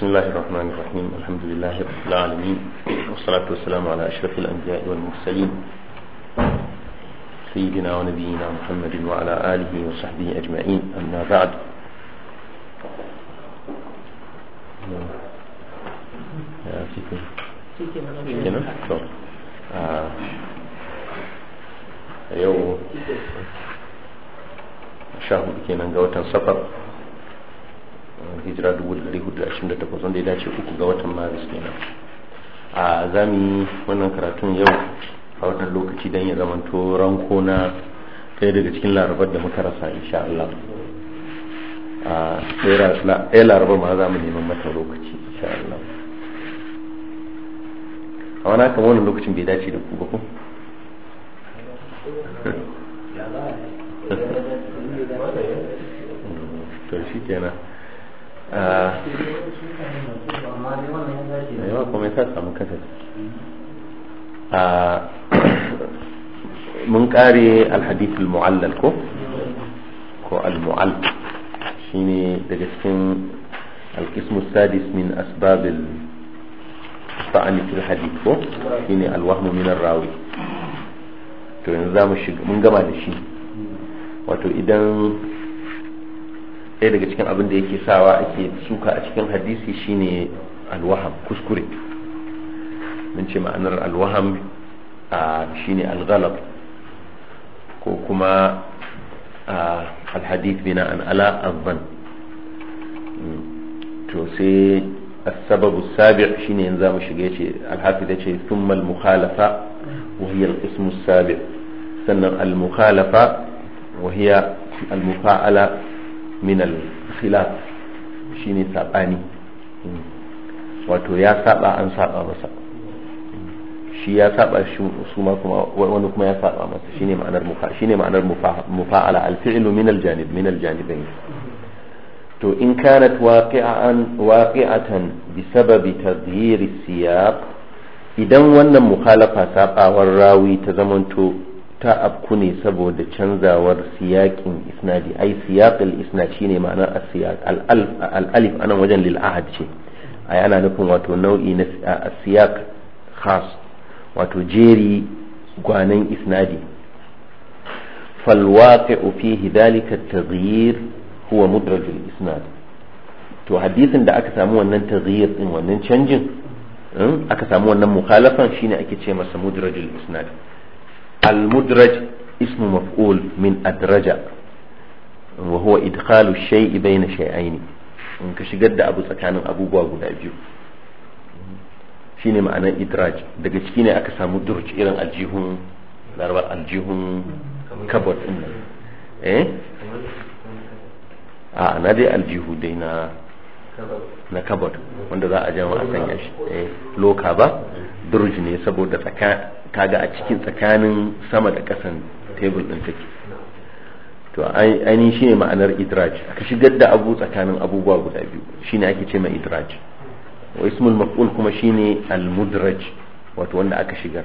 بسم الله الرحمن الرحيم الحمد لله رب العالمين والصلاة والسلام على أشرف الأنبياء والمرسلين سيدنا ونبينا محمد وعلى آله وصحبه أجمعين أما بعد سيدي يا سيدي يا سيدي يا safar hijira takwas wanda ya dace uku ga watan maris kenan a zami wannan karatun yau a wannan lokaci don ya to ranko na ɗaya daga cikin larabar da muka rasa insha Allah a ɗaya larabar ma za mu neman mata lokaci insha Allah a wani haka wannan lokacin bai dace da ku ba ku to shi kenan yawa kuma ya kasar mun kare alhadith muallal ko ko al-mu'all shine daga cikin القسم asbabil من أسباب الطعن في الحديث هو هنا to yanzu za mu shiga mun gama da shi wato idan ɗaya daga cikin abin da yake sawa ake suka a cikin hadisi shine alwaham kuskure mun ce ma'anar alwaham shine alghalab ko kuma alhadith bina an ala azban to sai السبب السابع شين ينزام شقيتي الحافظ ثم المخالفة وهي القسم السابع سنة المخالفة وهي المفاعلة min al-khilaf shine sabani wato ya saba an saba masa shi ya saba shi kuma wani kuma ya saba masa shine ma'anar mufa shine ma'anar mufa'ala al-fi'lu min al-janib min al-janibayn to in kanat waqi'an waqi'atan bi sababi taghyir siyaq idan wannan mukhalafa sabawar rawi ta zamanto ta afku ne saboda canzawar siyakin isnadi ai siyaqil isnad shine ma'ana a siyaq al anan wajen lil ahad ce ai ana nufin wato nau'i na as khas wato jeri gwanan isnadi fal waqi'u fihi dhalika at-taghyir huwa mudraj al-isnad to hadisin da aka samu wannan taghyir din wannan canjin hmm, aka samu wannan mukhalafan shine ake ce masa mudrajul isnad المدرج اسم مفعول min adraja, وهو إدخال الشيء بين شيئين in ka shigar da abu tsakanin abubuwa guda biyu shine ma'anar idraj daga ciki ne aka samu durj aljihun larabar aljihun kabot din a na dai aljihu dai na na wanda za a jama a sanya shi loka ba durj ne saboda kaga a cikin tsakanin sama da kasan tebul ɗin take to ainihin shi ne ma'anar idraj aka shigar da abu tsakanin abubuwa guda biyu shi ne ake ce ma idraj wa ismul maf'ul kuma shi ne al wato wanda aka shigar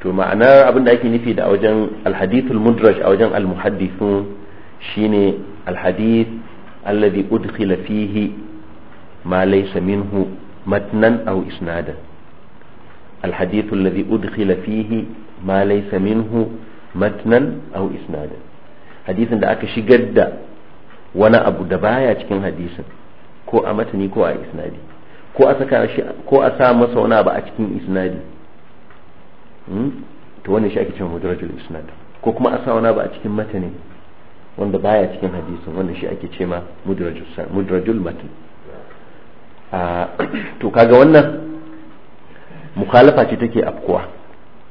to ma'anar abin da ake nufi da a wajen al mudraj a wajen al-muhaddithun shine al-hadith alladhi udkhila fihi ma laysa minhu matnan aw isnadan الحديث الذي أدخل فيه ما ليس منه متنا أو إسنادا حديث da aka shigar da wani abu da baya cikin hadisin ko a matani ko a isnadi ko ko a sa masa wani a cikin isnadi to wannan shi ake cewa mudrajul isnad ko kuma a sa wani a cikin matani wanda baya cikin hadisin wannan shi ake ce ma mudrajul matn to wannan mukhalafa ce take afkuwa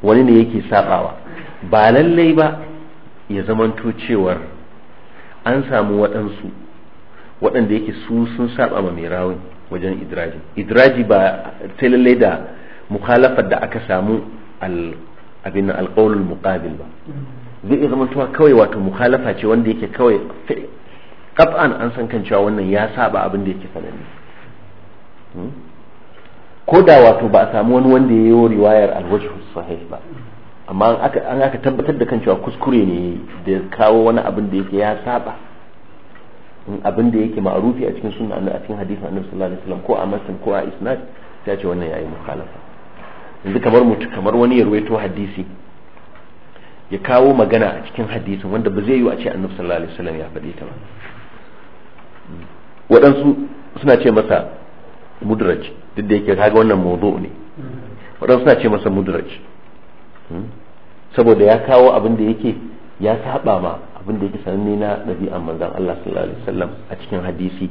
wani ne yake sabawa ba lallai ba ya zamanto cewar an samu waɗansu waɗanda yake su sun saba ma mai rawun wajen idraji idraji ba sai lallai da mukhalafar da aka samu abin alƙaulul muqabil ba zai iya zamantowa kawai wato mukhalafa ce wanda yake kawai kaf'an an san kan cewa wannan ya saba abin da yake sanani ko da wato ba a samu wani wanda ya yi riwayar alwajhu sahih ba amma an aka tabbatar da kan cewa kuskure ne da kawo wani abin da yake ya saba abin da yake ma'arufi a cikin sunna a cikin hadisin annabi sallallahu alaihi wasallam ko a masan ko a isnad ya ce wannan yayi mukhalafa yanzu kamar mutu kamar wani yarwaito hadisi ya kawo magana a cikin hadisin wanda ba zai yi a ce annabi sallallahu alaihi wasallam ya faɗi ta ba waɗansu suna ce masa mudraj duk da yake kaga wannan mawdu ne waɗansu suna ce masa mudraj hmm? saboda ya kawo abin da yake ya saba ma abin da yake sananne na ɗabi'an manzan Allah sallallahu alaihi wasallam a cikin hadisi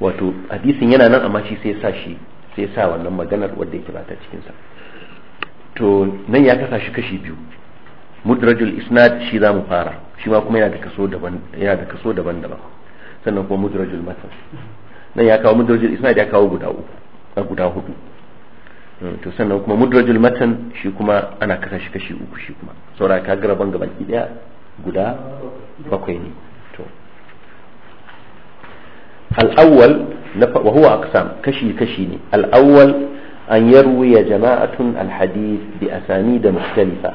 wato hadisin yana nan amma shi sai sa shi sai sa wannan maganar wanda yake ba ta cikin sa to nan ya kasa shi kashi biyu mudrajul isnad shi za mu fara shi ma kuma yana da kaso daban yana da kaso daban-daban sannan kuma mudrajul matan nan ya kawo mudrajul isnad ya kawo guda uku guda hudu hmm, to sannan kuma mudrajul matan shi kuma ana kasa shi kashi uku shi kuma saura ka gara rabon gaban daya guda bakwai ne to al-awwal wa huwa aqsam kashi kashi ne al-awwal an ya jama'atun al-hadith bi asani da mukhtalifa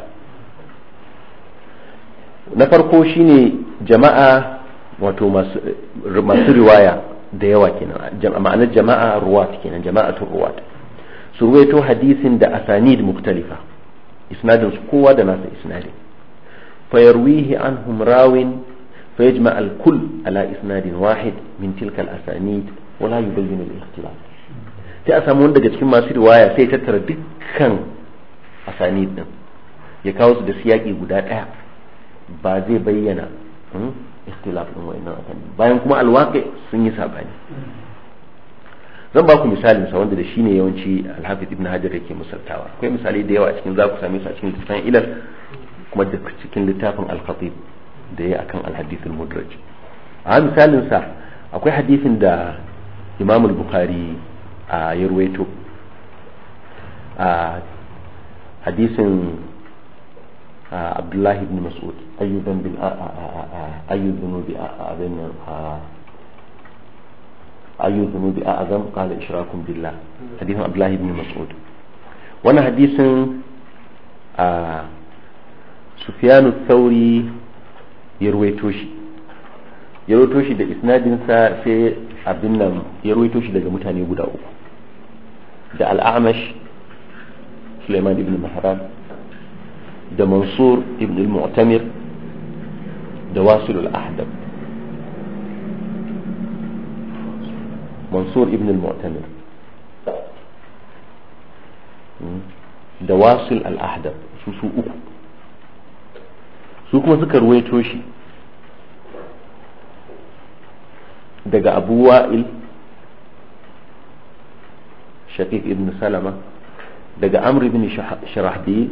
na farko shine jama'a wato masu riwaya da yawa kenan ma'anar jama'a ruwat kenan jama'atul ruwat su ruwaito hadisin da asanid muktalifa isnadin su kowa da nasa isnadin fa yarwihi anhum rawin fa yajma al kull ala isnadin wahid min tilka al asanid wala yubayyin al ikhtilaf sai a samu wanda daga cikin masu riwaya sai tattara dukkan asanid din ya kawo su da siyaki guda daya ba zai bayyana hmm, ikhtilaf din wa'annan akan bayan kuma alwaqi sun yi sabani zan ba ku misali sa wanda da shine yawanci alhafiz ibn hajar yake musaltawa akwai misali da yawa cikin za ku same su a cikin littafin ilal kuma da cikin littafin al da yayi akan al-hadith al a misalin sa akwai hadithin da imam al-bukhari a ya a hadisin abdullahi ibn mas'ud ayyuban bin ayyuzunu bi abin ayyuzunu bi azam qala ishrakun billah hadithin abdullahi ibn mas'ud wannan hadisin a sufyanu thauri ya ruwaito shi ya ruwaito shi da isnadinsa sai abin nan ya shi daga mutane guda uku da Al-amash suleiman ibn mahram ده منصور ابن المعتمر ده واصل الأحدب منصور ابن المعتمر دواصل الأحدب شو شو سو أكو شو كما ذكر ويتوشي دقى أبو وائل شقيق ابن سلمة دقى عمرو بن شرحبيل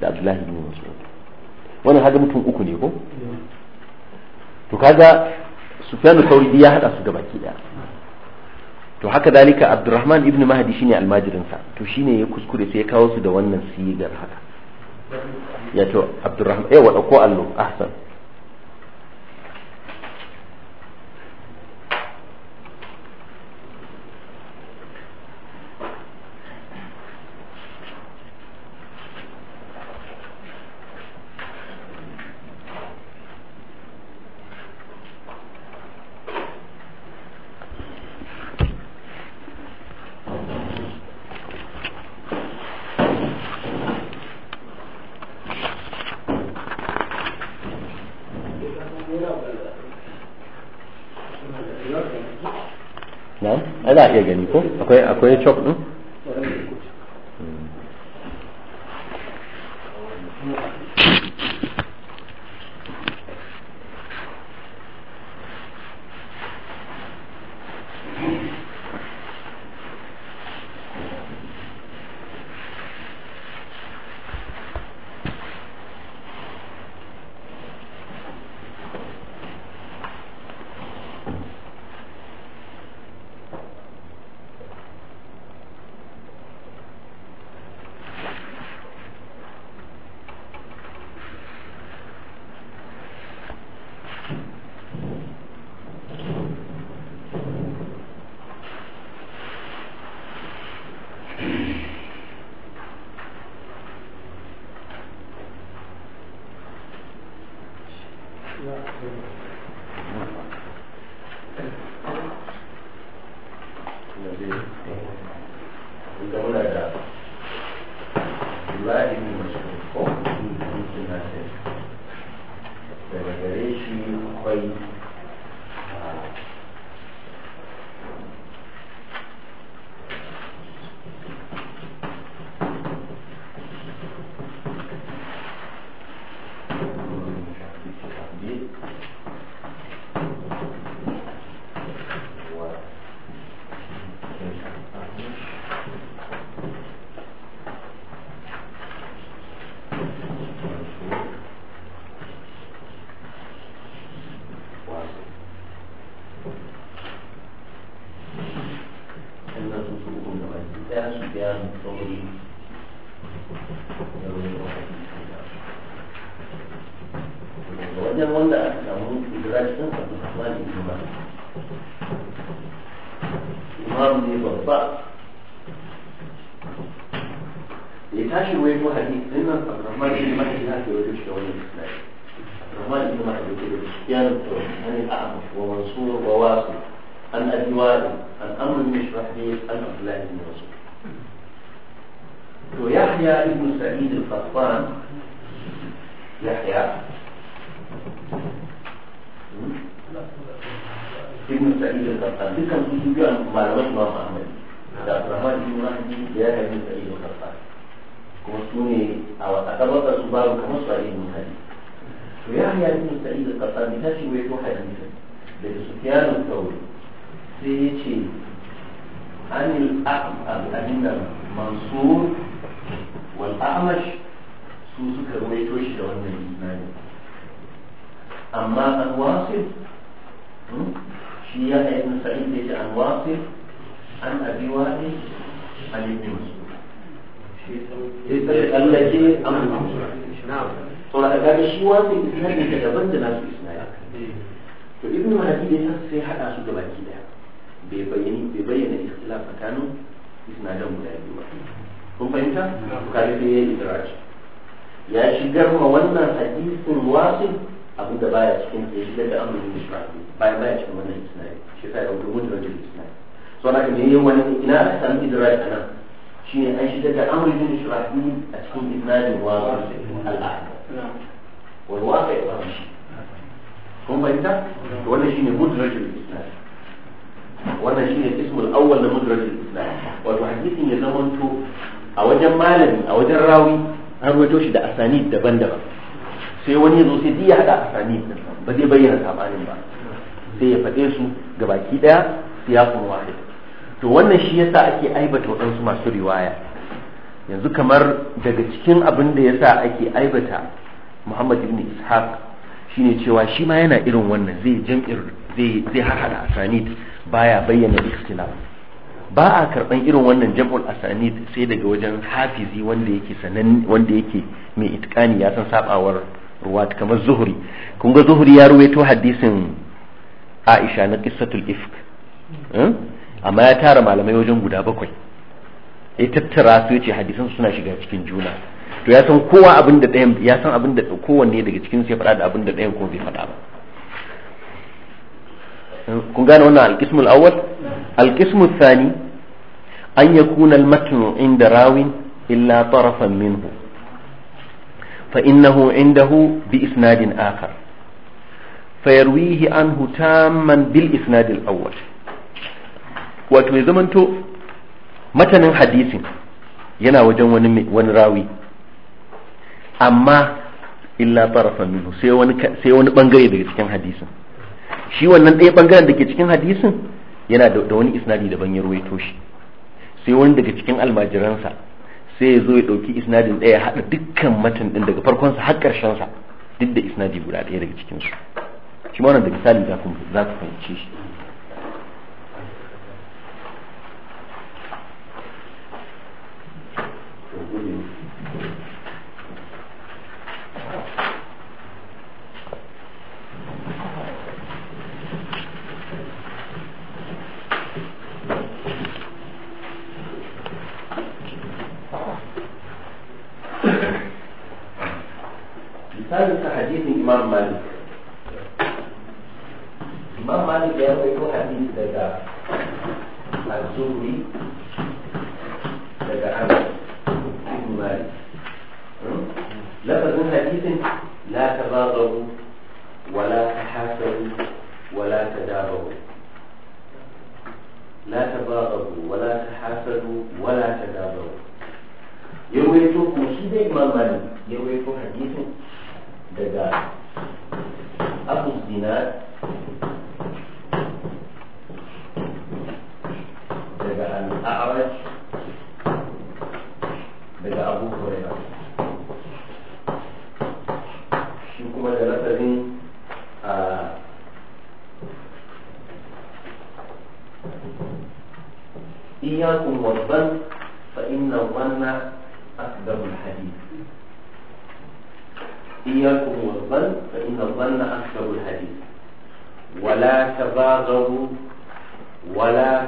da abdullahi bin mas'ud wannan haga mutum uku ne ko to kaga sufyan al-thawri ya hada su gabaki daya to haka dalika abdurrahman ibn mahdi shine almajirin sa to shine ya kuskure sai ya kawo su da wannan sigar haka ya to abdurrahman wa dauko allo ahsan za a iya gani ko akwai akwai chalk din Bye. وهي ابن سعيد القطان تاشي ويتو حديثا لدى سفيان الثوري سيتي عن الأعمى عن منصور والأعمش سوسك رويتوش لو أن الإيمان أما أن واصف شيعة ابن سعيد يجي عن واصف عن أبي وائل عن ابن مسعود التي أمر نعم saboda ga shi wannan isnadin da daban da nasu isnadin to ibnu hadi ne sai hada su da baki daya bai bayyana bai bayyana ikhtilaf tsakanin isnadin guda ba fahimta ya idraj ya shigar ma wannan hadisin wasil abin da baya cikin ya shigar da amrin mishrafi Bai baya cikin wannan isnadin shi sai ya wuce mudrajul isnadin so na kan yayin wani ina aka samu idraj Shi ne an shigar da amrin mishrafi a cikin isnadin wasil al-ahad والواقع يبقى هم فهمت ولا شيء مدرج الاسلام wannan شيء ismul awwal na mudrajul islam wato hadisin ya zamanto a wajen malami a wajen rawi ده rawaito da asanid daban-daban sai wani ya zo sai duk ya hada asanid ba zai bayyana sabanin ba sai ya faɗe su ga baki daya wahid to wannan shi yasa ake aibata waɗansu masu riwaya yanzu kamar daga cikin abin da yasa ake aibata Muhammad ibn Ishaq shine cewa shi ma yana irin wannan zai jam'ir zai zai harhada asanid baya bayyana ikhtilaf ba a karban irin wannan jam'ul asanid sai daga wajen hafizi wanda yake sanan wanda yake mai itqani ya san sabawar ruwat kamar zuhri kun ga zuhri ya ruwaito hadisin Aisha na qissatul ifk eh? amma ya tara malamai wajen guda bakwai ya tattara su ce hadisan suna shiga cikin juna to ya san kowa abin da ɗayan ya san abin da kowanne daga cikin su ya faɗa da abin da ɗayan kuma bai faɗa ba kun gane wannan alqismul awwal alkismu Sani an yakuna almatnu inda rawin illa tarafan minhu fa innahu indahu bi isnadin akhar anhu عنه bil بالإسناد awwal wato ya zamanto matanin hadisin yana wajen wani rawi amma illa tarafan minhu sai wani bangare daga cikin hadisin shi wannan ɗaya bangaren da ke cikin hadisin yana da wani isnadi daban ya ruwaito shi sai wani daga cikin almajiransa sai ya zo ya ɗauki isnadin ɗaya haɗa dukkan matan ɗin daga farkonsa har ƙarshensa duk da isnadi guda ɗaya daga cikinsu shi ma wannan da misali za ku fahimci shi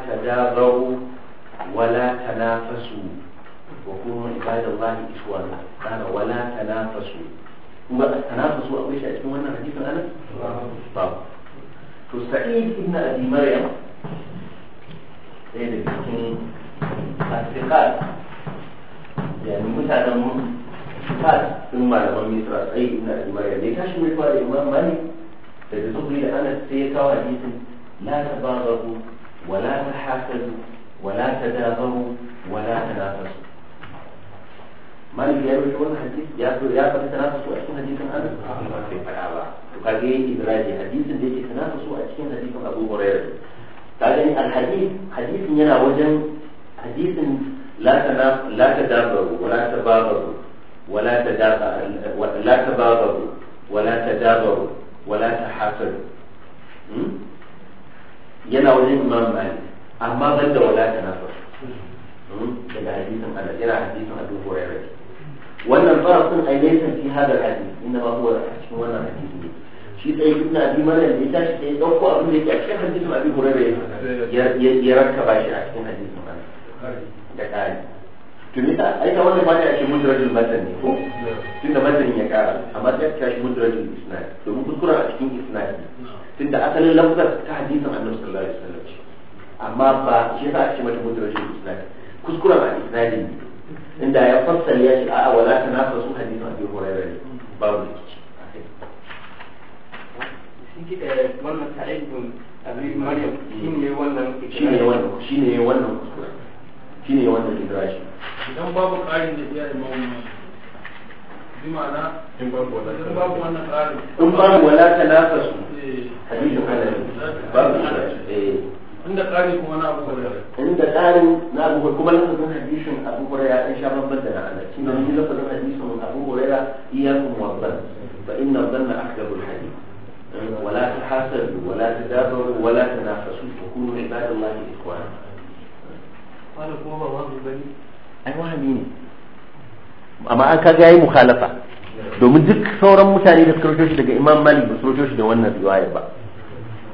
تدابروا ولا تنافسوا وكونوا عباد الله إخوانا قال ولا تنافسوا هو التنافس أو إيش أسمه أنا حديث أنا؟ طب فسعيد ابن أبي مريم ɗaya daga cikin ya ni mutanen fat sun malaman misra tsaye ibn abi maryam ne tashi mai fara imam malik daga zubri da sai ya kawo hadisin ولا تحاسدوا ولا تدابروا ولا تنافسوا ما يا رجل وانا حديث يا ترى يا أخي تنافس وأشكين حديث أنا وكاجي إدراجي حديث ديكي تنافس وأشكين حديث أبو هريرة كاجي الحديث حديث ينا وجن حديث لا تناف لا تدابروا ولا تبابروا ولا تدابروا ولا تدابروا ولا تحاسدوا yana wajen imam malik amma ban da wala ta nasar hmm, daga hadisin ala yana hadisin abu hurairah wannan faras din ai laysa fi hada hadis inna ma huwa cikin wannan hadisi shi sai ibn abi maryam ya tashi dauko abin da yake a cikin hadisin abi hurairah ya ya rakkaba shi a cikin hadisin da kai to ta ai ta wannan ba ta ce mudrajul matan ne ko tunda matan ya kara amma ta ce mudrajul isnad domin kuskura a cikin isnad tunda asalin lafzar ta hadisin annabi sallallahu alaihi wasallam ce amma ba shi yasa ake mata mudrajul isnad kuskuren a isnadin ne inda ya fassara ya ce a'a wala tanafasu hadisin abi hurairah ne babu rikici eh, wannan sa'idun abi maryam shine hmm. wannan shine wannan shine wannan kuskuren shine wannan idrashi idan babu ƙarin da iya imamu in babu in wala talaka su eh. hadisin halali babu shi eh. inda tsari kuma na abu hurairu inda tsarin na abu hurairu kuma lafazin hadisin abu hurairu ya sha babban da na'ala shi ne yi lafazin hadisin abu hurairu iyakun wabban fa inna zanna akdabul hadith ولا تحاسدوا ولا تدابروا ولا تنافسوا تكونوا عباد الله اخوانا قال هو وهم بني اي وهم amma an kaga yayi mukhalafa domin duk sauran mutane da suka shi daga Imam Malik ba su shi da wannan riwaya ba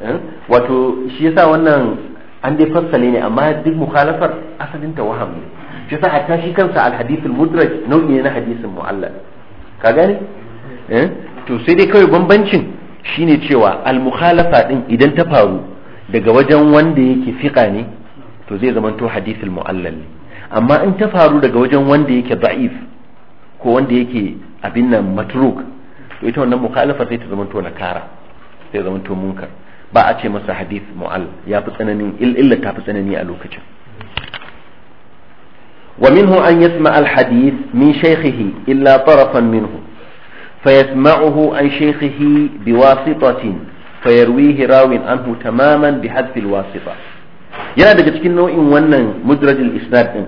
eh? wato shi yasa wannan an dai fassale ne amma duk mukhalafar asalin ta waham ne shi yasa hatta shi kansa al-hadith al-mudraj nau'i ne na hadisin mu'allal ka gane eh? to sai dai kawai bambancin shine cewa al-mukhalafa din idan ta faru daga wajen wanda yake fiqa ne to zai zamanto to hadith al-mu'allal amma in ta faru daga wajen wanda yake da'if ko wanda yake abin nan matruk to ita wannan mukhalafa sai ta zama to nakara sai zama to munkar ba a ce masa hadith mu'al ya fi tsananin illa ta fi tsanani a lokacin wa minhu an yasma al hadith min shaykhihi illa tarafan minhu فيسمعه عن شيخه بواسطة فيرويه راو bi hadfi بحذف الواسطة yana daga cikin nau'in wannan mudrajil isnad din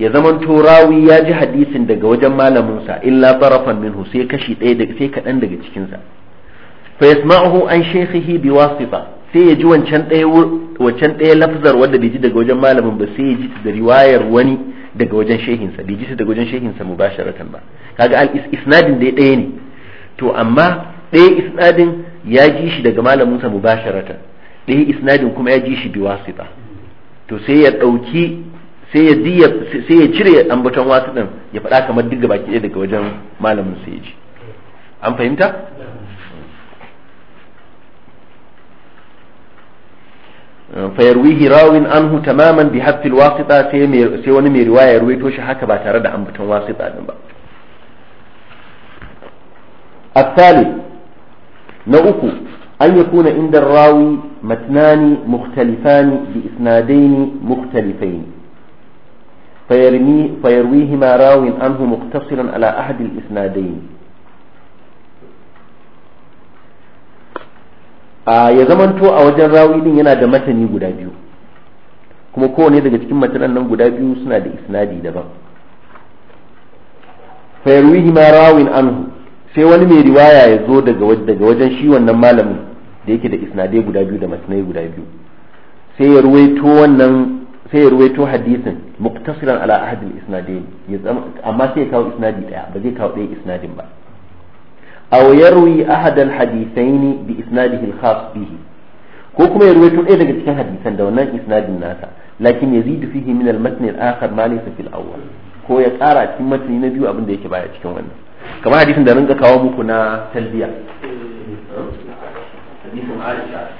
ya zaman turawi ya ji hadisin daga wajen malaminsa illa tarafan minhu sai kashi ɗaya da sai kaɗan daga cikinsa fa yasma'uhu an shaykhihi bi wasifa sai ya ji wancan ɗaya wancan ɗaya lafzar wanda bai ji daga wajen malamin ba sai ya ji da riwayar wani daga wajen shehinsa bai ji ta daga wajen shehinsa mubasharatan ba kaga al isnadin da ɗaya ne to amma ɗaya isnadin ya ji shi daga malaminsa mubasharatan ɗaya isnadin kuma ya ji shi bi wasifa. to sai ya ɗauki sai ya diya sai ya cire ambaton wasu din ya faɗa kamar duk baki ɗaya daga wajen malamin sai ya ji an fahimta fayarwihi rawin anhu tamaman bi hafil wasita sai wani mai riwaya ruwaito shi haka ba tare da ambaton wasita din ba الثالث نأكو أن يكون عند الراوي متنان مختلفان بإسنادين مختلفين فيرويهما راو عنه مقتصرا على أحد الإسنادين ya zamanto a wajen rawi din yana da matani guda biyu kuma kowane daga cikin matanan nan guda biyu suna da isnadi daban fayarwihi ma rawin anhu sai wani mai riwaya ya zo daga wajen shi wannan malamin da yake da isnadai guda biyu da matanai guda biyu sai ya ruwaito wannan sai ya ruwaito hadisin muktasiran ala ahadil isnadain amma sai ya kawo isnadi daya ba zai kawo ɗaya isnadin ba aw yarwi ahad al hadithaini bi isnadihi al khas bihi ko kuma ya ruwaito ɗaya daga cikin hadisan da wannan isnadin nasa lakin yazidu fihi min al matn al ma laysa fil awwal ko ya ƙara cikin matni na biyu abinda ya yake baya cikin wannan kamar hadisin da rinka kawo muku na talbiya hadisin Aisha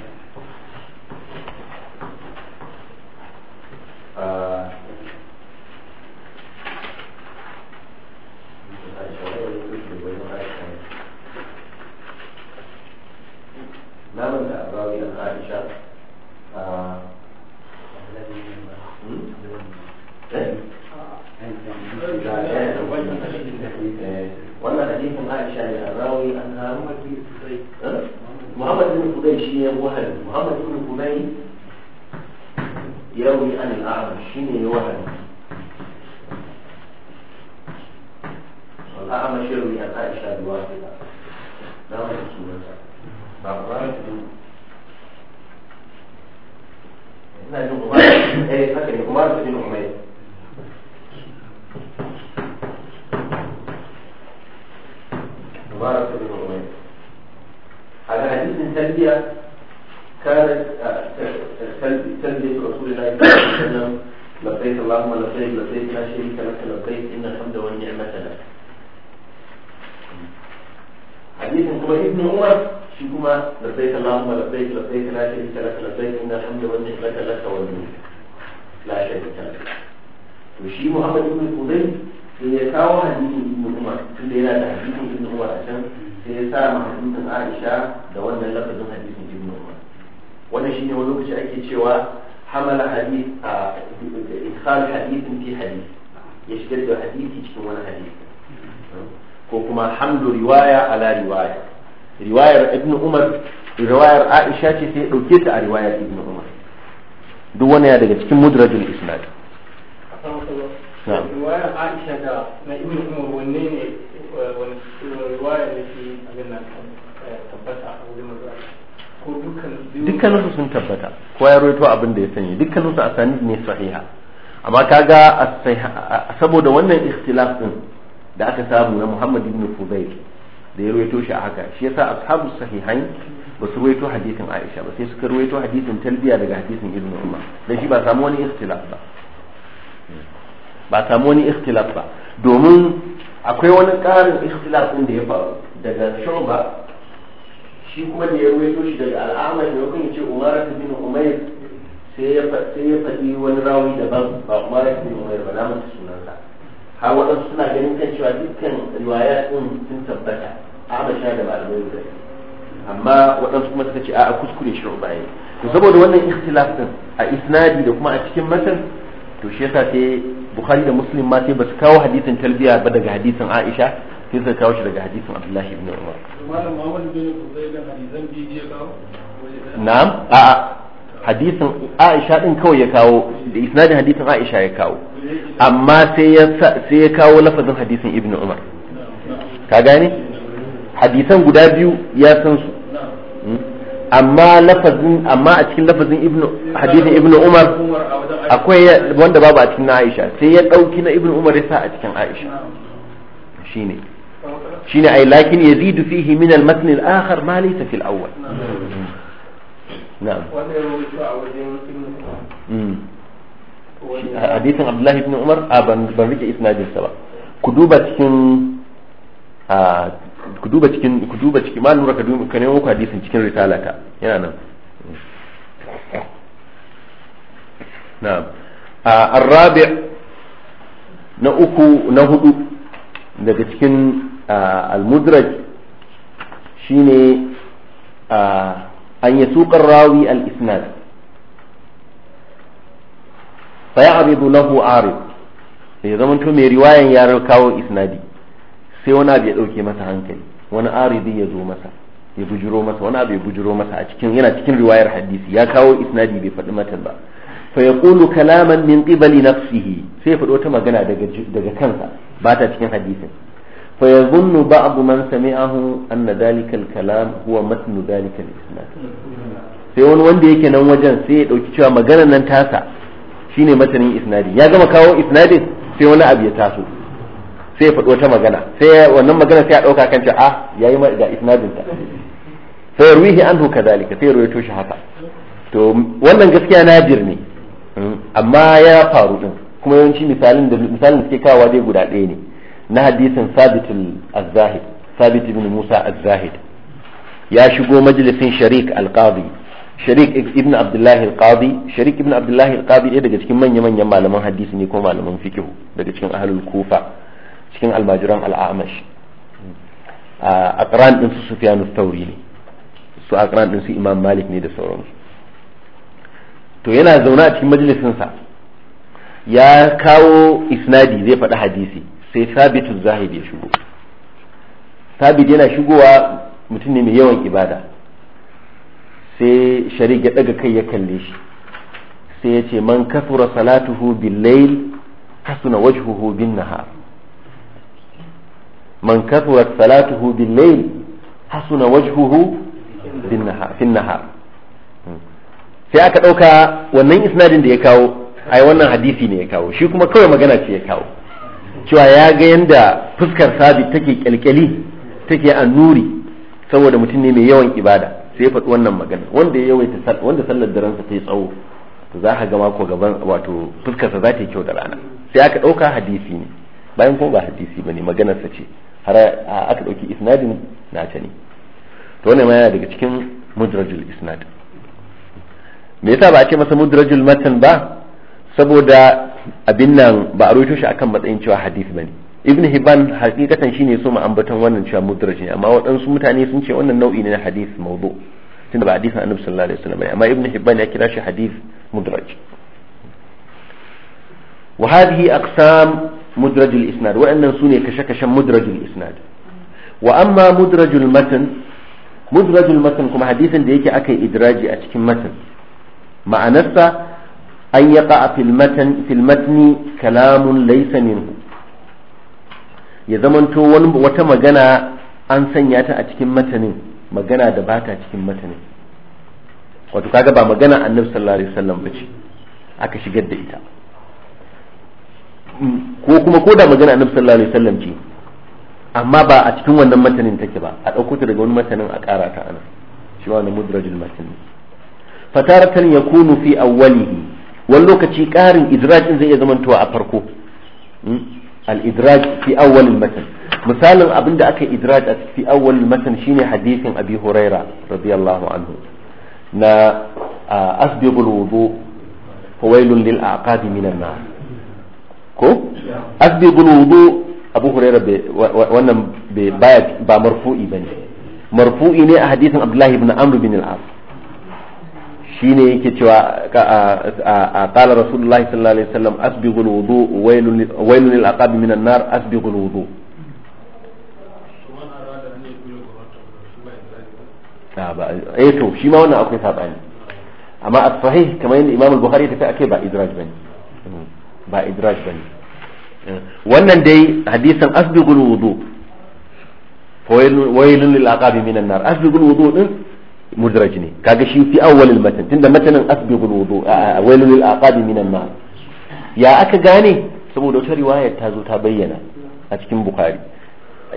نعم من راوي عن عائشة آه، إيه؟ إيه. وانا حديث عائشة الراوي انها إيه؟ محمد بن فضيل شيء وهل محمد بن فضيل يروي عن الاعمش شيء وهل والاعمش يروي عن عائشة الواحدة لا من الراجل هنا بن اميه مبارك بن اميه على حديث سلبية كانت سلبية رسول الله صلى الله عليه وسلم لبيك اللهم لبيك لبيك لا شريك لك لبيك ان الحمد والنعمة لك حديث هو ابن عمر shi kuma labbaik Allahumma labbaik labbaik la sharika lak labbaik innal hamda wani ni'mata lak wal mulk la sharika lak to shi Muhammad ibn Qudayy sai ya kawo hadisin Ibn Umar tun da yana da hadisin Ibn Umar a can sai ya sa hadisin Aisha da wannan lafazin hadisin Ibn Umar wannan shine wani lokaci ake cewa hamala hadith a ikhal hadithin fi hadith ya shigar da hadisi cikin wani hadisi ko kuma hamdu riwaya ala riwaya riwayar ibn umar riwayar aisha ce sai dauke ta a riwayar ibn umar duk wani ya daga cikin mudrajul isnad riwayar aisha da na ibn umar wanne ne eh, eh, riwayar da ke abin nan eh, tabbata a wurin dukkan su sun tabbata ko ya roito abin da ya sanya dukkan a sanid ne sahiha amma kaga saboda wannan ikhtilaf din da aka samu na Muhammad ibn Fudayl da ya ruwaito shi a haka shi yasa ashabu sahihan ba su ruwaito hadisin Aisha ba sai suka ruwaito hadisin talbiya daga hadisin Ibn Umar dan shi ba samu wani ikhtilaf ba ba samu wani ikhtilaf ba domin akwai wani ƙarin ikhtilaf din da ya faru daga Shuba shi kuma da ya ruwaito shi daga al'amari ne kun ce Umar bin Umayr sai ya faɗi wani rawi daban ba Umar bin Umayr ba na sunansa har waɗansu suna ganin kan cewa dukkan riwaya ɗin sun tabbata a sha da malamai guda amma waɗansu kuma suka ce a kuskure shi ba ne to saboda wannan ikhtilaf din a isnadi da kuma a cikin matan to shi yasa sai bukhari da muslim ma sai ba kawo hadisin talbiya ba daga hadisin aisha sai suka kawo shi daga hadisin abdullahi ibn umar na'am a'a hadisin aisha din kawai ya kawo da isnadin hadisin aisha ya kawo amma sai ya kawo lafazin hadisin ibn umar ka gane hadisan guda biyu ya san su hmm? amma lafazin amma a cikin lafazin ibn hadisin ibn umar akwai wanda babu a cikin aisha sai ya ɗauki na ibn umar ya sa a cikin aisha shine shine ai lakin yazidu fihi min al-matn al-akhar ma laysa fi al-awwal na'am na'am hadisin abdullahi ibn umar a ban rike isnadin sa ba ku duba cikin a ku duba cikin ku duba cikin ma lura ka duba ka nemo hadisin cikin risalata yana nan na'am الرابع na uku na hudu daga cikin al-mudraj shine an yasuqar rawi al-isnad faya abidu lahu arid ya zama to mai riwayan ya kawo isnadi sai wani abu ya dauke masa hankali wani aridi ya zo masa ya bujiro masa wani abu ya bujiro masa a cikin yana cikin riwayar hadisi ya kawo isnadi bai faɗi matan ba fa yaqulu kalaman min qibali nafsihi sai ya faɗi wata magana daga daga kansa ba ta cikin hadisin fa yazunnu ba'd man sami'ahu anna dhalika al-kalam huwa matnu dhalika al-isnad sai wani wanda yake nan wajen sai ya dauki cewa maganar nan tasa shine masanin isnadi ya gama kawo isnadin sai wani abu ya taso sai ya faɗi wata magana sai wannan magana sai ya ɗauka kan cewa ah yayi ga isnadin ta sai ya ruhi anhu kadalika sai ya ruwaito shi haka to wannan gaskiya na ne mm, amma ya faru din kuma yawanci misalin da misalin da suke kawo dai guda ɗaya ne na hadisin sabit az-zahid sabit musa az-zahid ya shigo majalisin sharik al-qadi sharik ibn abdullahi al-qadi sharik ibn abdullahi al-qadi ɗaya daga cikin manya-manyan malaman hadisi ne ko malaman fikihu daga cikin ahlul kufa cikin almajiran al-amash a ƙaran ɗin su sufyan al-thawri ne su a ƙaran ɗin su imam malik ne da sauransu to yana zaune a cikin majalisinsa ya kawo isnadi zai faɗi hadisi sai sabitu zahid ya shigo sabit yana shigowa mutum ne mai yawan ibada sai shari'a ya daga kai ya kalle shi sai ya ce man kasura salatuhu billayl kasuna wajhuhu bin nahar man salatuhu billayl hasuna wajhuhu bin nahar fin nahar sai aka dauka wannan isnadin da ya kawo ai wannan hadisi ne ya kawo shi kuma kawai magana ce ya kawo cewa ya ga yanda fuskar sabit take kyalkyali take annuri saboda mutum ne mai yawan ibada sai ya faɗi wannan magana wanda ya yawaita wanda sallar daren sa ta yi tsawo to za ka ga mako gaban wato fuskarsa za ta yi kyau da rana sai aka ɗauka hadisi ne bayan kuma ba hadisi bane maganar sa ce har aka ɗauki isnadin na ta ne to wannan ma yana daga cikin mudrajul isnad me yasa ba a ce masa mudrajul matan ba saboda abin nan ba a rubuto shi akan matsayin cewa hadisi bane ibn hibban hakikatan shine so mu ambaton wannan cewa mudrajin amma waɗansu mutane sun ce wannan nau'i ne na hadith mawdu tunda ba hadisin annabi sallallahu alaihi wasallam amma ibn hibban ya kira shi hadith mudraj wa hadhihi aqsam mudraj al-isnad wa'annan sune kashe-kashen mudraj al-isnad wa amma mudraj al-matn mudraj al-matn kuma hadisin da yake akai idraji a cikin matan ma'anarsa an yaqa fil matn fil matni kalamun laysa minhu ya zamanto wata magana an sanya ta a cikin matanin magana da ba ta cikin matanin wato kaga ba magana annabi sallallahu alaihi wasallam ba ce aka shigar da ita mm, ko kuma ko da magana annabi sallallahu alaihi wasallam ce amma ba a cikin wannan matanin take ba a ɗauko ta daga wani matanin a ƙara ta ana shi ma wannan mudrajul matan fataratan yakunu fi awwalihi wani lokaci ƙarin idrajin zai iya zamantowa a farko mm, al-idraj fi awwal al-matan misalin abinda aka idraj a fi awwal al-matan shine hadisin abi huraira radiyallahu anhu na asbigul wudu fawailun lil aqabi minan nar ko asbigul wudu abu huraira wannan ba marfu'i bane marfu'i ne a hadisin abdullahi ibn bin al Shi ne yake cewa a qala rasulullahi sallallahu alaihi wasallam asbighul wudu waylun lil aqab minan nar asbighul wudu ah, eh to shi ma wannan akwai sabani amma as sahih kamar yadda imam al-bukhari ta ake ba idraj bane ba idraj bane eh, wannan dai hadisan asbighul wudu waylun lil aqab minan nar asbighul wudu din mudraj ne kaga shi fi awwalil matan tunda matanin asbighul ya aka gane saboda wata riwaya ta zo ta bayyana a cikin bukhari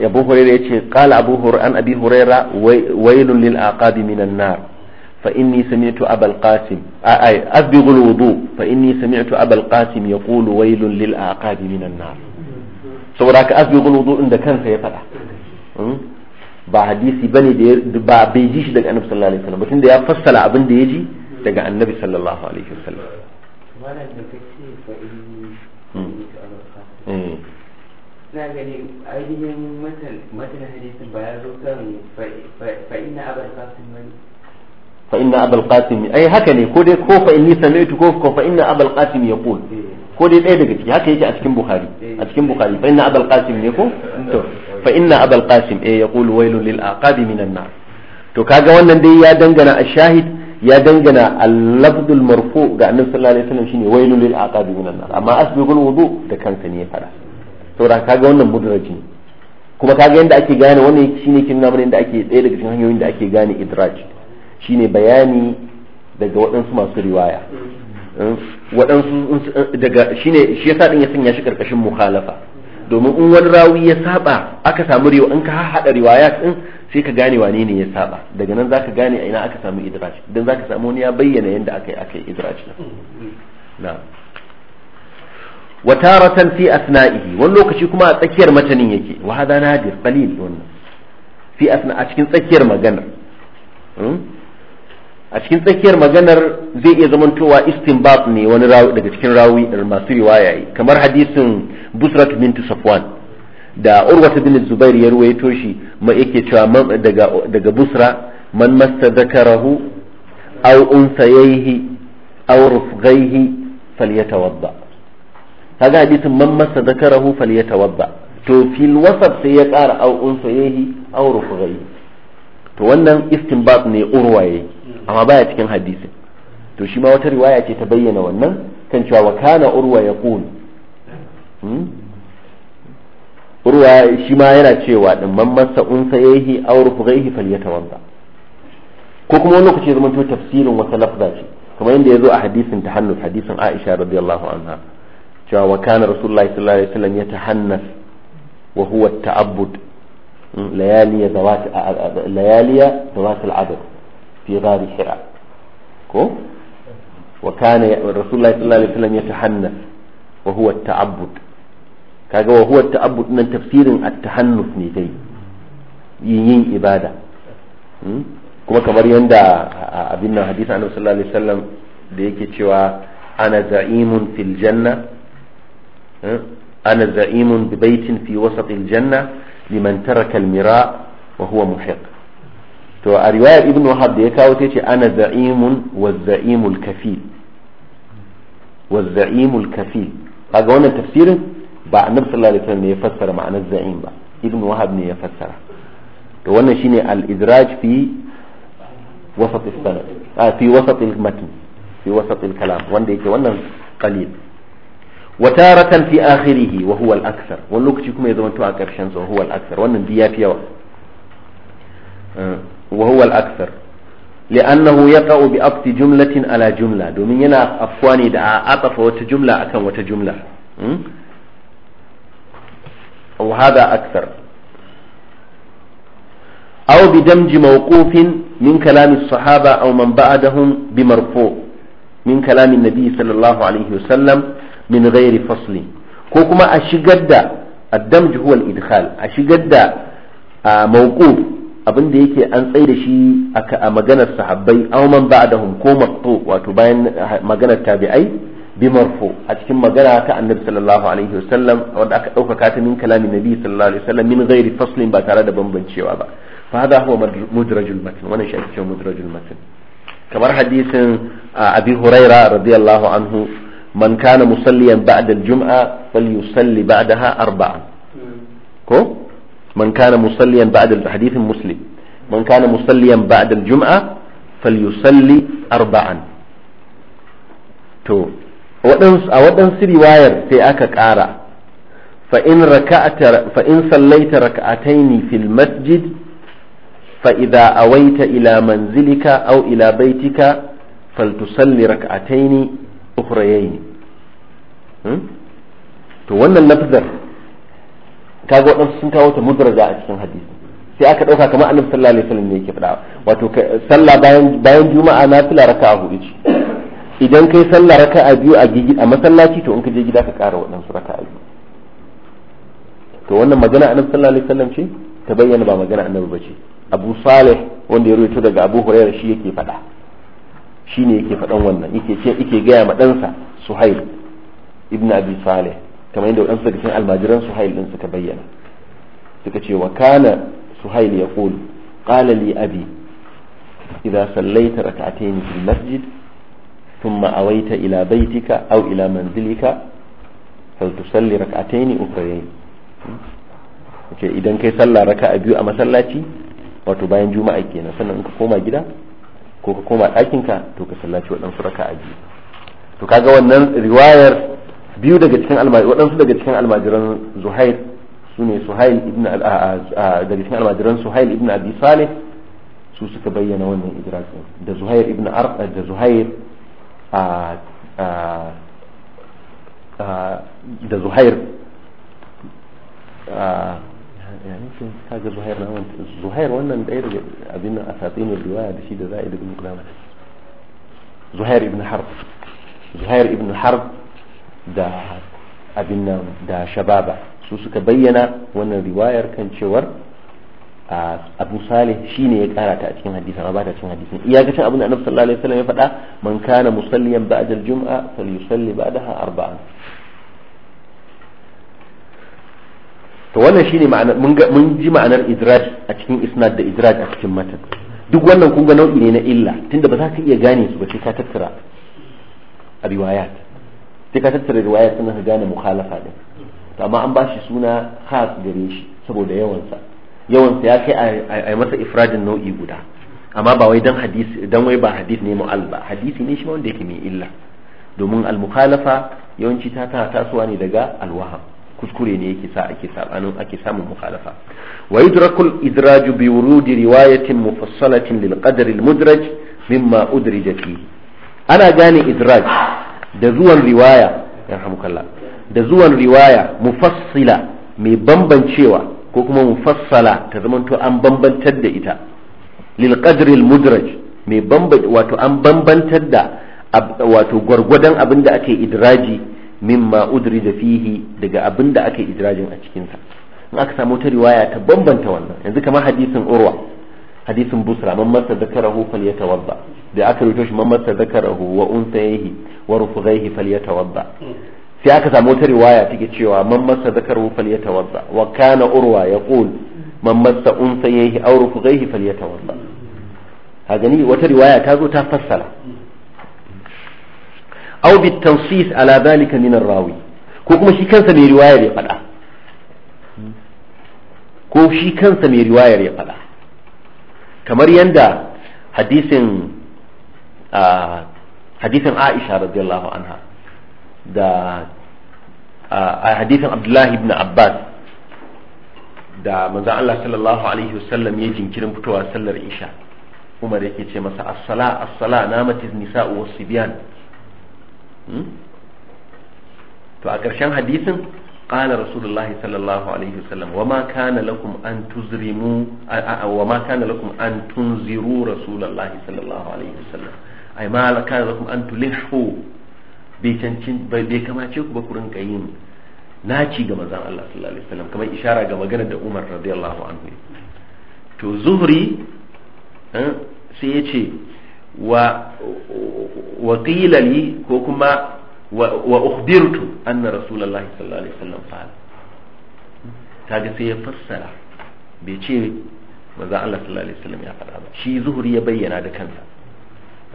abu hurairah yace qala abu hurairah an abi hurairah wailul lil aqabi da kansa ya faɗa ba hadisi bane da ba bai ji shi daga annabi sallallahu alaihi wasallam batun da ya fassala abin da ya ji daga annabi sallallahu alaihi wasallam malam da kace fa inni hmm. mutu ala eh. na gani ainihin matan matan hadisin ba ya zo kan fa inna abal qasim wani fa inna abal qasim ay eh, haka ne ko dai ko fa inni sami'tu ko fa inna abal qasim yaqul eh. ko dai daya daga ciki haka yake a cikin bukhari a cikin bukhari fa inna abal qasim ne ko to fa inna abal qasim eh yaqulu waylun lil aqabi minan nar to kaga wannan dai ya dangana ashahid ya dangana al-lafdul marfu ga annabi sallallahu alaihi wasallam shine waylun lil aqabi minan nar amma asbigul wudu da kanka ne ya fara da kaga wannan mudraji ne kuma kaga yanda ake gane wannan shine kin namar yanda ake tsaye daga cikin hanyoyin da ake gane idraj shine bayani daga waɗansu masu riwaya mm. waɗansu daga shine shi yasa din ya sanya shi karkashin mukhalafa domin in wani rawi ya saba aka samu riwa in ka haɗa riwaya din sai ka gane wane ne ya saba daga nan zaka gane a ina aka samu idraj dan zaka samu wani ya bayyana yadda aka yi aka yi idraj na wa fi asna'ihi wani lokaci kuma a tsakiyar matanin yake wa hada nadir qalil wannan fi asna a cikin tsakiyar magana hmm? a cikin tsakiyar maganar zai iya zamantowa istinbat ne wani daga cikin rawi masu riwaya yi kamar hadisin busrat bin safwan da urwata bin zubair ya ruwaito shi ma yake cewa daga daga busra man masta zakarahu aw unsayaihi aw rufghaihi falyatawadda kaga hadisin man masta zakarahu falyatawadda to fil wasat sai ya kara aw unsayaihi aw rufghaihi to wannan istinbat ne urwaye amma baya cikin hadisin to shi ma wata riwaya ce ta bayyana wannan kan cewa wa kana urwa ya hmm? urwa shi ma yana cewa din man masa unsa yahi aw rufghaihi falyatawadda ko kuma wani lokaci zama to tafsirin wata lafza ce kamar yadda yazo a hadisin tahannus hadisin Aisha radiyallahu anha cewa wa kana rasulullahi sallallahu alaihi wasallam yatahannas wa huwa at-ta'abbud hmm, layali zawat layaliya zawat al-adab fi ghari hira ko wa kana rasulullahi sallallahu alaihi wasallam yatahannas wa huwa at-ta'abbud kaga wa huwa ta'abbud tafsirin at-tahannuf ne dai yin yin ibada hmm? kuma kamar yanda abin nan hadisi annabi sallallahu alaihi wasallam yake cewa ana za'imun fil hmm? ana za'imun bi baitin fi wasat janna liman taraka al mira to a riwayar ibn wahab da ya kawo sai ce ana za'imun wa za'imul kafil wa za'imul kafil kaga wannan tafsirin ba annabi sallallahu alaihi wasallam ne ya fassara ma'anar za'im ba ibn wahab ne ya fassara to wannan shine al-idraj fi wasat sanad a fi wasat al-matn fi wasat al-kalam wanda yake wannan qalil wa taratan fi akhirih wa huwa al-akthar wani lokaci kuma ya zama to a karshen sa huwa al wannan biya fi وهو الأكثر لأنه يقع بأبط جملة على جملة دومين ينا أفواني دعا أطف وتجملة أكن وتجملة وهذا أكثر أو بدمج موقوف من كلام الصحابة أو من بعدهم بمرفوع من كلام النبي صلى الله عليه وسلم من غير فصل كوكما أشي قد الدمج هو الإدخال أشي قد آه، موقوف abin da yake an tsaye da shi a maganar sahabbai aw man ba'dahum ko maqtu wato bayan maganar tabi'ai bi marfu a cikin magana ta annabi sallallahu alaihi wasallam wanda aka dauka ta min kalamin nabi sallallahu alaihi wasallam min ghairi faslin ba tare da bambancewa ba fa hada huwa mudrajul matn wannan shi ake cewa mudrajul matn kamar hadisin abi huraira radiyallahu anhu man kana musalliyan ba'da al-jum'a falyusalli ba'daha arba'an hmm. ko man kana musalliyan ba'da juma falyusalli arba'an to waɗansu a waɗansu riwayar sai aka ƙara fa in raka'ata fa in sallaita raka'ataini fil masjid fa idza awaita ila manzilika aw ila baitika faltusalli raka'ataini ukhrayaini to wannan lafzar kaga waɗansu sun kawo ta mudraja a cikin hadisi sai aka ɗauka kamar annabi sallallahu alaihi wasallam ne yake faɗa wato sallah bayan bayan juma'a na fila raka'a hudu ce idan kai sallah raka'a biyu a gigi a masallaci to in ka je gida ka ƙara waɗansu raka'a biyu to wannan magana annabi sallallahu alaihi wasallam ce ta bayyana ba magana annabi ce abu salih wanda ya rubuta daga abu hurairah shi yake faɗa shi ne yake faɗan wannan yake ce yake gaya ma ɗansa suhail ibn abi salih kamar yadda waɗansu daga cikin almajiran suhail din suka bayyana suka ce wa kana suhail ya qul qala li abi idza sallaita rak'atayn fil masjid thumma awaita ila baytika aw ila manzilika fal tusalli rak'atayn ukhrayn ce idan kai sallah raka'a biyu a masallaci wato bayan juma'a kenan sannan in ka koma gida ko ka koma ɗakinka to ka sallaci waɗansu raka'a biyu to kaga wannan riwayar biyu daga cikin almajiran waɗansu daga cikin almajiran zuhair su ne suhail ibn daga cikin almajiran suhail ibn abi salih su suka bayyana wannan idrak da zuhair ibn Arqa da zuhair da zuhair zuhair wannan ɗaya daga abin a satsin riwaya da shi da za'id ibn qudama zuhair ibn harb zuhair ibn harb da abin nan da shababa su suka bayyana wannan riwayar kan cewar abu salih shine ya kara ta a cikin hadisi amma ba ta cikin hadisin iyakacin abin da annabi sallallahu alaihi wasallam ya faɗa man kana musalliyan ba'da al-jum'a falyusalli ba'daha arba'an to wannan shine ma'ana mun ji ma'anar idraj a cikin isnad da idraj a cikin matan duk wannan kun ga nau'i ne na illa tunda ba za ka iya gane su ba sai ka tattara a riwayat sai ka tattara riwaya sannan ka gane mukhalafa din to amma an bashi suna khas gare shi saboda yawansa yawansa ya kai a masa ifradin nau'i guda amma ba wai dan hadisi dan wai ba hadisi ne mu'al ba hadisi ne shi wanda yake mai illa domin al-mukhalafa yawanci ta tana tasowa ne daga al-waham kuskure ne yake sa ake sabanin ake samun mukhalafa wa yudrakul idraju bi wurudi riwayatin mufassalatin lil qadr al-mudraj mimma da fihi ana gane idraj da zuwan riwaya yarhamukallah da zuwan riwaya mufassila mai bambancewa ko kuma mufassala ta zamanto an bambantar da ita lil qadri mudraj mai bambanci wato an bambantar da wato gwargwadon abin da ake idraji mimma udrija fihi daga abin da ake idrajin a cikinsa in aka samu ta riwaya ta bambanta wannan yanzu kamar hadisin urwa hadisin busra man mata zakarahu falyatawadda da aka rubuto shi man mata zakarahu wa unsayhi wa falyatawadda sai aka samu wata riwaya take cewa man falyatawadda wa kana urwa yaqul man unsayhi aw falyatawadda wata riwaya ta zo ta fassara aw bit tansis ala dalika min rawi ko kuma shi kansa mai riwayar ya faɗa ko shi kansa mai riwayar ya faɗa kamar yanda hadisin hadisin Aisha radiyallahu anha da a hadisin Abdullahi ibn Abbas da manzon Allah sallallahu alaihi wasallam ya jinkirin fitowa sallar Isha Umar yake ce masa as-sala as-sala namatiz nisa'u was hmm? to a ƙarshen hadisin قال رسول الله صلى الله عليه وسلم وما كان لكم أن تزرموا وما كان لكم أن تنذروا رسول الله صلى الله عليه وسلم أي ما كان لكم أن تلحوا بكما تشوك بكرن كيين ناچي ga manzon Allah sallallahu alaihi wasallam kamar ishara ga maganar da Umar radiyallahu anhu to zuhri sai ya ce wa wakilali ko kuma wa ukhbirtu anna rasulullahi sallallahu alaihi wasallam kaga sai ya fassara bai ce Allah sallallahu alaihi wasallam ya ba shi zuhuri ya bayyana da kansa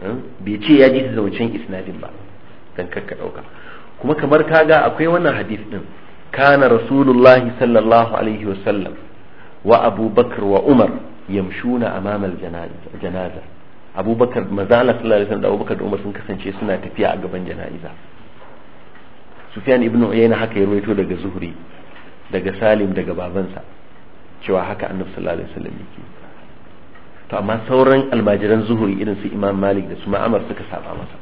hmm? bai ce ya ji da wancan isnadin ba dan kakka dauka kuma kamar kaga akwai wannan hadis din kana rasulullahi sallallahu alaihi wasallam wa wa umar yamshuna amama Allah sallallahu alaihi wasallam da da umar sun kasance suna tafiya a gaban jana'iza sufyan ibn uyayna haka ya rawaito daga zuhri daga salim daga babansa cewa haka annabi sallallahu alaihi wasallam yake to amma sauran almajiran Zuhri irin su imam malik da su ma'amar suka saba masa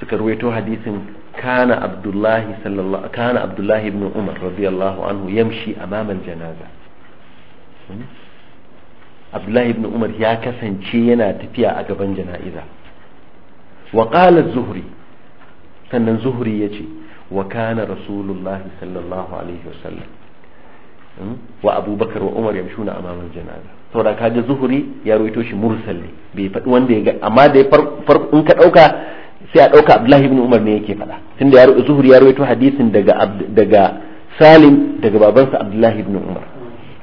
suka ruwaito hadisin kana abdullahi sallallahu kana abdullahi ibn umar radiyallahu anhu yamshi amama janaza hmm? abdullahi ibn umar ya kasance yana tafiya a gaban jana'iza wa qala zuhri sannan zuhuri ya ce wa kana rasulullahi sallallahu alaihi wasallam hmm? wa abubakar wa umar yamshuna amamar janaza saboda ga zuhuri ya ruwaito shi mursal ne bai faɗi wanda ya ga amma da in ka ɗauka sai a ɗauka abdullahi ibn umar ne yake faɗa tunda ya zuhuri ya ruwaito hadisin daga daga salim daga babansa abdullahi ibn umar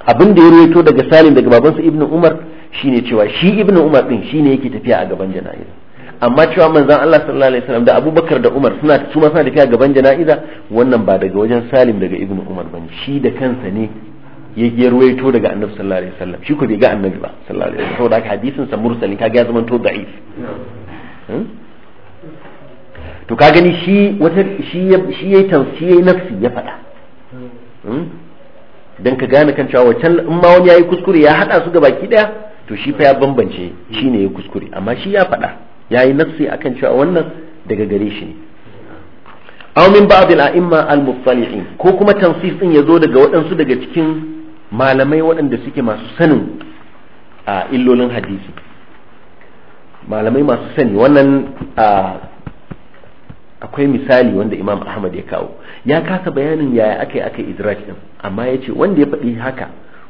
abin da ya ruwaito daga salim daga babansa ibn umar shine cewa shi ibn umar din shine yake tafiya a gaban janaza amma cewa manzon Allah sallallahu alaihi wasallam da Abubakar da Umar suna su ma suna tafiya gaban jana'iza wannan ba daga wajen Salim daga Ibn Umar bane shi da kansa ne ya ruwaito daga Annabi sallallahu alaihi wasallam shi ko bai ga Annabi ba sallallahu alaihi wasallam saboda hadisin sa mursalin kaga ya zama to da'if hmm? to ka gani shi wata shi shi yayi tafsi yayi nafsi ya faɗa hmm? dan ka gane kan cewa wancan in ma wani yayi kuskure ya hada su ga baki daya to shi fa ya bambance shine ya kuskure amma shi ya faɗa Ya yi nafsi akan cewa wannan daga gare shi ne aw min ba'd al-a'imma al-muttali'in ko kuma tansis din yazo daga waɗansu daga cikin malamai waɗanda suke masu sanin a illolin hadisi malamai masu sani wannan akwai misali wanda imam ahmad ya kawo ya kasa bayanin yaya aka yi aka idraj din amma ya ce wanda ya faɗi haka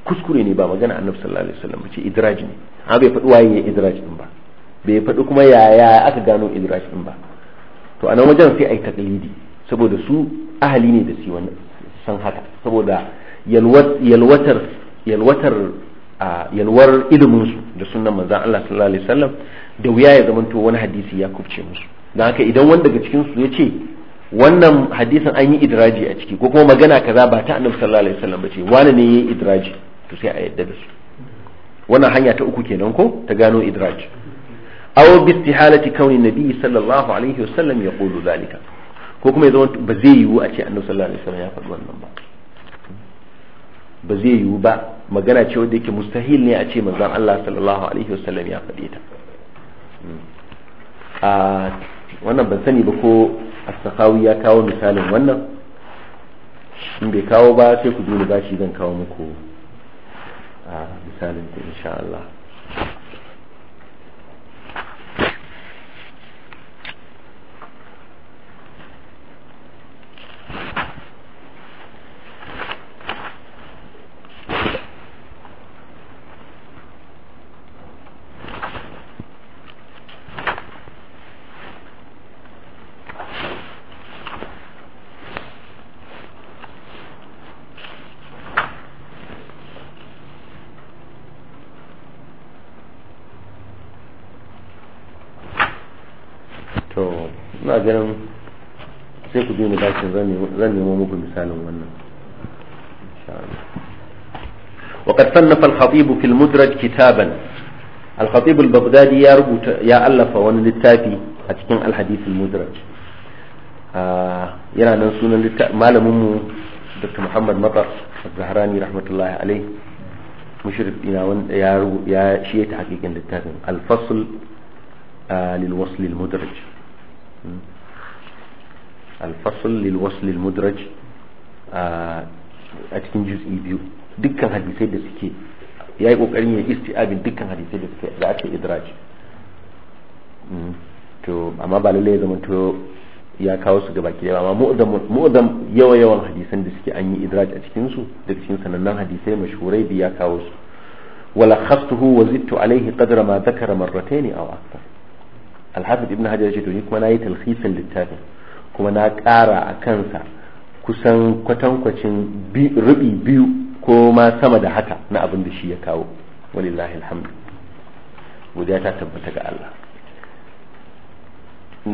kuskure ne ba magana annabi sallallahu alaihi wasallam ce idraj ne amma bai faɗi waye ya idraj din ba bai faɗi kuma yaya aka gano idraj din ba to a nan wajen sai a yi taƙalidi saboda su ahali ne da su wannan san haka saboda yalwatar yalwatar yalwar ilimin su da sunan manzon Allah sallallahu alaihi wasallam da wuya ya zamanto wani hadisi ya kubce musu dan haka idan wanda daga cikin su ce wannan hadisin an yi idraji a ciki ko kuma magana kaza ba ta annabi sallallahu alaihi wasallam bace wani ne yayi idraji to sai a yadda da su wannan hanya ta uku kenan ko ta gano idraji aw bi istihalati kauni nabi sallallahu alaihi wa sallam ya qulu zalika ko kuma yanzu ba zai yiwu a ce annabi sallallahu alaihi wasallam ya faɗi wannan ba ba zai yiwu ba magana ce wanda yake mustahil ne a ce manzon Allah sallallahu alaihi wa sallam ya faɗi ta a wannan ban sani ba ko as-sakawi ya kawo misalin wannan in bai kawo ba sai ku dole bashi zan kawo muku a misalin ta insha Allah ina ganin sai ku biyu ni dakin zan nemo muku misalin wannan وقد صنف الخطيب في المدرج كتابا الخطيب البغدادي يا يا ألف وان للتافي أتكين الحديث المدرج yana nan sunan malaminmu dr muhammad matar zahrani rahmatullahi alai mushrif ina wanda ya shi ya ta hakikin littafin alfasul lil wasl al mudraj Hmm. alfasul lilwasul mudraj uh, a cikin juz'i biyu dukkan hadisai da suke ya yi kokarin ya isti'abin dukkan hadisai da suke da ake idraj hmm. to amma ba lallai ya zama to ya kawo su gaba ɗaya amma mu'azzam yawa yawan hadisan da suke an yi idraj a cikin su da cikin sanannan hadisai mashhurai da ya kawo su wala khastuhu wa zittu alaihi qadra ma dhakara marratayn aw الحافظ ابن حجر يجي توني كمان ناي تلخيص للتابع كما كمان قارا اكنسا كسان كوتان كوتين بي ربي بيو كما سما ده حتى نا ابن ده شي يكاو ولله الحمد وديتا تبتا ga Allah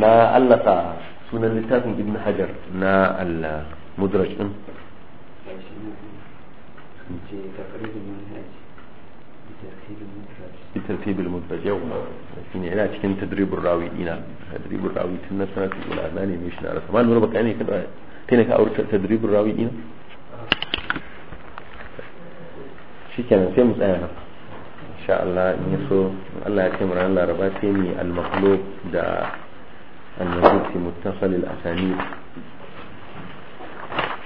نا الله تا سنن للتابع ابن حجر نا الله مدرج ان تقريبا من هاج بترتيب المدرج بترتيب ترتيب المدرج يوم يعني كان تدريب الراوي دينا تدريب الراوي تنا سنة الأولى ناني مش نعرف ما نقول بقى يعني كده كنا كأول تدريب الراوي دينا شي كان في مسألة إن شاء الله نيسو الله يكرم رانا رباتيني المخلوق دا الموجود في متصل الأسانيد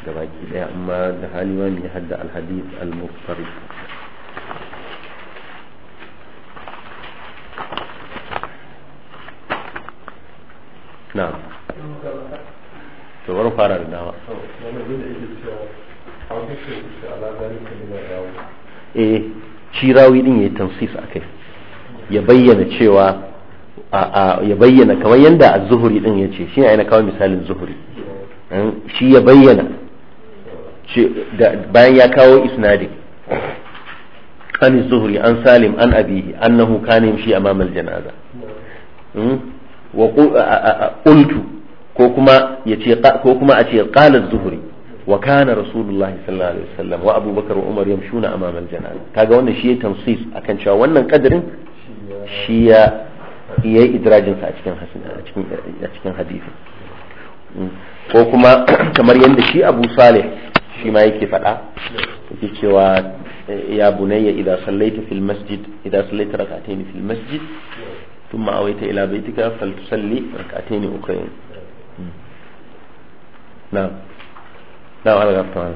دا باقي ده أما ده حالي ما يهدأ الحديث المضطرب na'am to bari fara da dama eh shi din yayi tansis akai ya bayyana cewa ya bayyana kamar yadda a zuhuri din ya ce shi ne kawo misalin zuhuri hmm, shi ya bayyana bayan ya kawo isnadi an zuhuri an salim an abihi annahu kana yamshi amama janaza. Hmm? wa qultu ko kuma yace ko kuma a ce qala zuhri wa kana rasulullah sallallahu alaihi wasallam wa abubakar wa umar yamshuna amama al kaga wannan shi yayi tamsis akan cewa wannan kadarin shi ya yayi idrajin sa a cikin a cikin hadisi ko kuma kamar yadda shi Abu Salih shi ma yake faɗa yake cewa ya bunayya idan sallaita fil masjid idan sallaita rak'atayn fil masjid ثم أويت إلى بيتك فلتصلي ركعتين أخرين نعم نعم على غير طبعا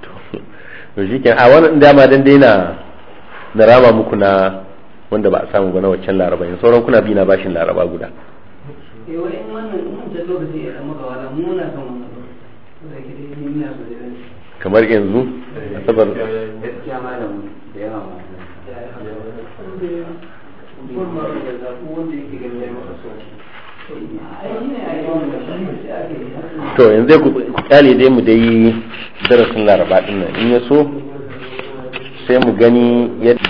to shi a wannan dama dan daina na rama muku na wanda ba a samu ba na waccan laraba yin sauran kuna bi na bashin laraba guda eh wannan mun lokaci ya kamar yanzu asabar to yanzu ku kyale dai mu dai darasin laraba din nan in ya so sai mu gani yadda